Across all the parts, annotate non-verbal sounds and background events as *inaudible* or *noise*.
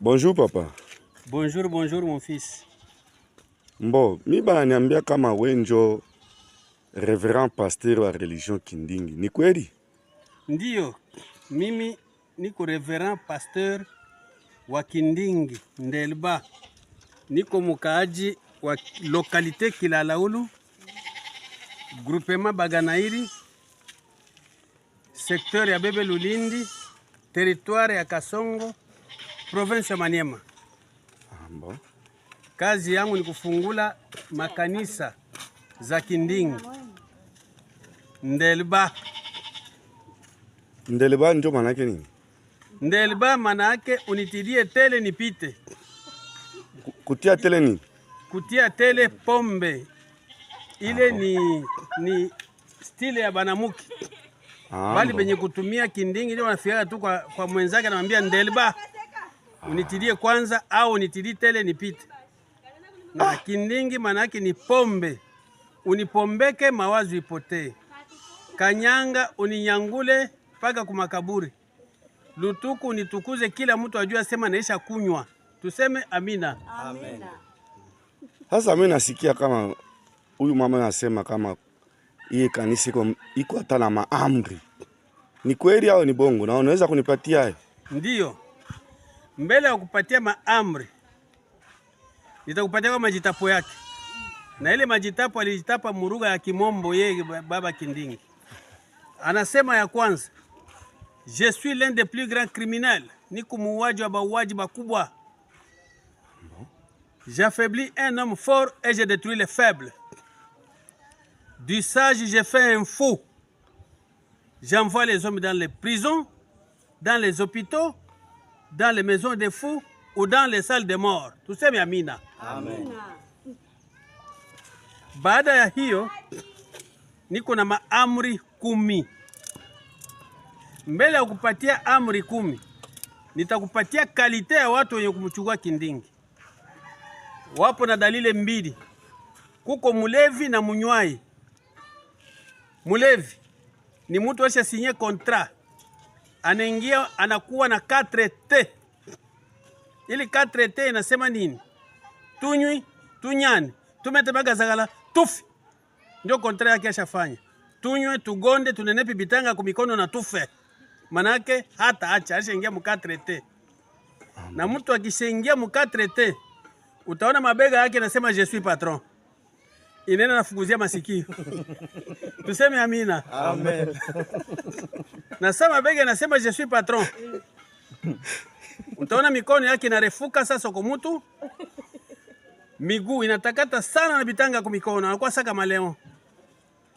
Bonjour. papa. Bonjour, bonjour mon fils. Mbo, mi niambia kama wenjo révérend pasteur wa religion Kindingi. Ni kweli? Mimi niko révérend pasteur wa Kindingi Ndelba. Niko mukaaji wa de Kilalaulu groupement Baganairi secteur ya Bebe Lulindi territoire ya Kasongo province ya Maniema. Ambo. Kazi yangu ni kufungula makanisa za Kindingi, Ndelba. Ndelba ndio maana yake nini? Ndelba maana yake unitidie tele nipite. Kutia tele nini? Kutia tele pombe ile ni, ni stile ya banamuki bali benye kutumia Kindingi ndio wanafikia tu kwa, kwa mwenzake anamwambia Ndelba. Ah. unitilie kwanza au unitilie tele nipite na ah. kindingi, yake ni pombe, unipombeke mawazo ipotee. Kanyanga uninyangule mpaka kumakaburi. Lutuku unitukuze, kila mtu ajue asema naisha kunywa. Tuseme amina, amina. Sasa mimi nasikia kama huyu mama anasema kama hii kanisa iko iko hata na maamri, ni kweli au ni bongo? Na unaweza kunipatia hayo? Ndio. je suis l'un des plus grands criminels, ni J'affaiblis un homme fort et je détruis les faibles. Du sage, j'ai fait un fou. J'envoie les hommes dans les prisons, dans les hôpitaux dans les maisons des fous ou dans les salles des morts. mais amina. Amen. Baada ya hiyo niko na maamri kumi. Mbele ya kupatia amri kumi, nitakupatia kalite ya watu wenye kumchukua kindingi. Wapo na dalile mbili, kuko mulevi na munywai. Mulevi ni mtu ashasinye contrat anaingia anakuwa na 4T. Ili 4T inasema nini? Tunywi, tunyane, tumetemagazagala, tufi. Ndio kontra yake ashafanya. Tunywe, tugonde, tunenepi bitanga kumikono na tufe. Manake hata acha ashaingia mu 4T. Na mtu akishaingia mu 4T utaona mabega yake nasema je suis patron inena nafunguzia masikio tuseme amina, amen. Nasema bege nasema je suis patron. Utaona mikono yake inarefuka sasa kwa mtu, miguu inatakata sana na bitanga kwa mikono, anakuwa saka maleo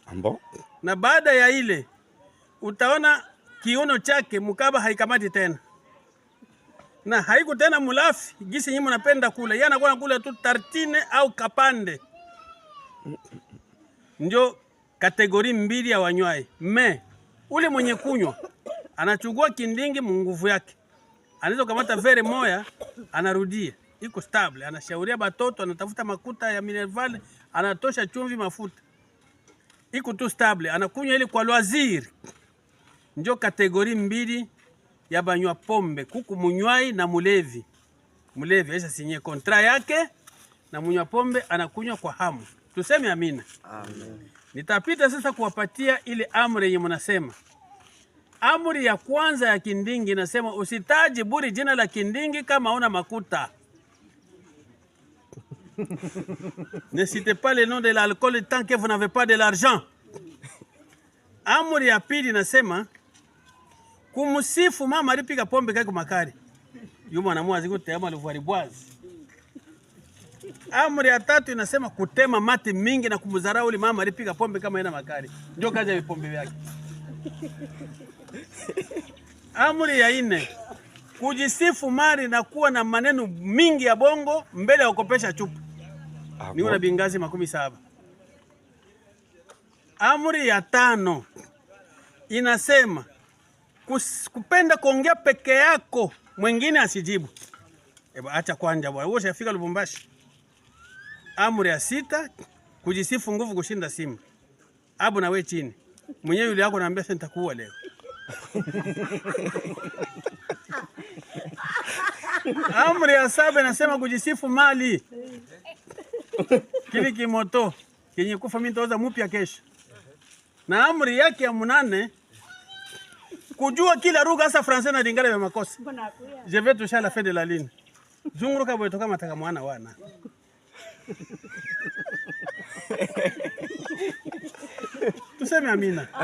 ambo. Na baada ya ile utaona kiuno chake mukaba haikamati tena na haiku tena mulafi gisi nyinyi napenda kula, yeye anakuwa anakula tu tartine au kapande ndio kategori mbili ya wanywai Me ule mwenye kunywa anachugua kindingi munguvu yake, anaweza kamata vere moya anarudia, iko stable. Anashauria batoto, anatafuta makuta ya mineral, anatosha chumvi, mafuta, iko tu stable, anakunywa ili kwa loisir. Njo kategori mbili ya banywa pombe kuku, munywai na mulevi. Mulevi aisha sinye kontra yake na munywa pombe, anakunywa kwa hamu. Tuseme amina. Amen. Nitapita sasa kuwapatia ile amri yenye mnasema. Amri ya kwanza ya kindingi inasema usitaji buri jina la kindingi kama una makuta. *laughs* Ne citez pas le nom de l'alcool tant que vous n'avez pas de l'argent. Amri ya pili inasema kumsifu mama alipika pombe kake makari. yumo anamua zikuteama luvwaribwazi. Amri ya tatu inasema kutema mate mingi na kumdharau yule mama alipiga pombe kama ina makali, ndio kazi ya vipombe vyake. Amri ya nne kujisifu mali na kuwa na maneno mingi ya bongo mbele ya kukopesha chupa niwe na bingazi makumi saba. Amri ya tano inasema kus, kupenda kuongea peke yako, mwingine asijibu. Eba acha kwanja bwana, wewe ushafika Lubumbashi. Amri ya sita, kujisifu nguvu kushinda Simba. Abu na wewe chini mwenyewe, yule yako naambia sasa nitakuwa leo. *laughs* Amri ya saba inasema kujisifu mali. Kile kimoto kenye kufa mimi nitauza mupya kesho. Na amri yake ya munane kujua kila lugha hasa Francais na Lingala vya makosa. Je vais toucher la fin de la ligne. Zunguruka boyo toka mataka mwana wana. Tuseme amina. *laughs*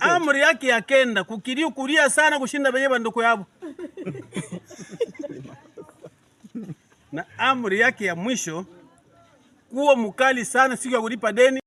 Amri yake yakenda kukiriu kulia sana kushinda benye banduku yavo Na amri yake ya mwisho kuwa mukali sana siku ya kulipa deni.